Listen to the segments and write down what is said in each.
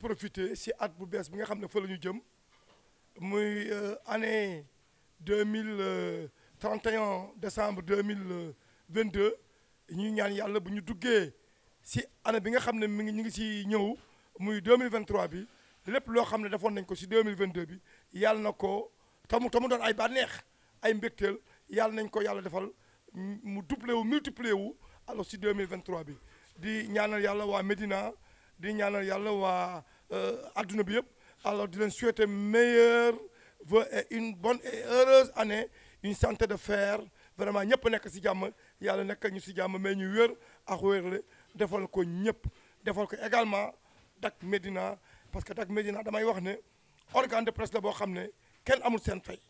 profiter si at bu bes bi nga xamne fa lañu jëm muy euh, année deux euh, décembre 2022, mille ñaan yalla bu ñu duggé si année bi nga xamne mi ngi ci ngi ñëw muy 2023 bi lepp lo xamne ne nañ ko ci 2022 bi yalla nako tamu tamu doon ay bànneex ay mbektel yalla nañ ko yalla defal mu doubler wu multiplier wu alors si 2023, bi di ñaanal yalla wa medina di ñaanal yàlla waa euh, aduna bi yëpp alors di leen souhaiter meilleur vœu et une bonne et heureuse année une santé de fer vraiment ñep nek ci jamm yalla nek ñu si jàmm mais ñu wër ak wër le defal ko ñep defal ko également Dak medina parce que Dak medina damay wax ne organe de presse la bo xam ken amul sen fay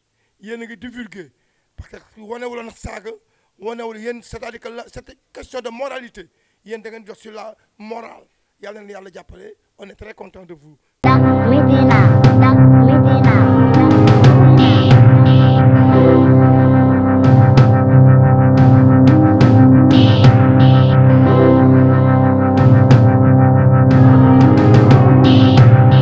yéen a ngi divulguer parce que wanewul saga saaga wanewul yéen c'est-à-dire que c'est question de moralité yeen da ngeen jox sur la morale Yalla na yàlla on est très content de vous.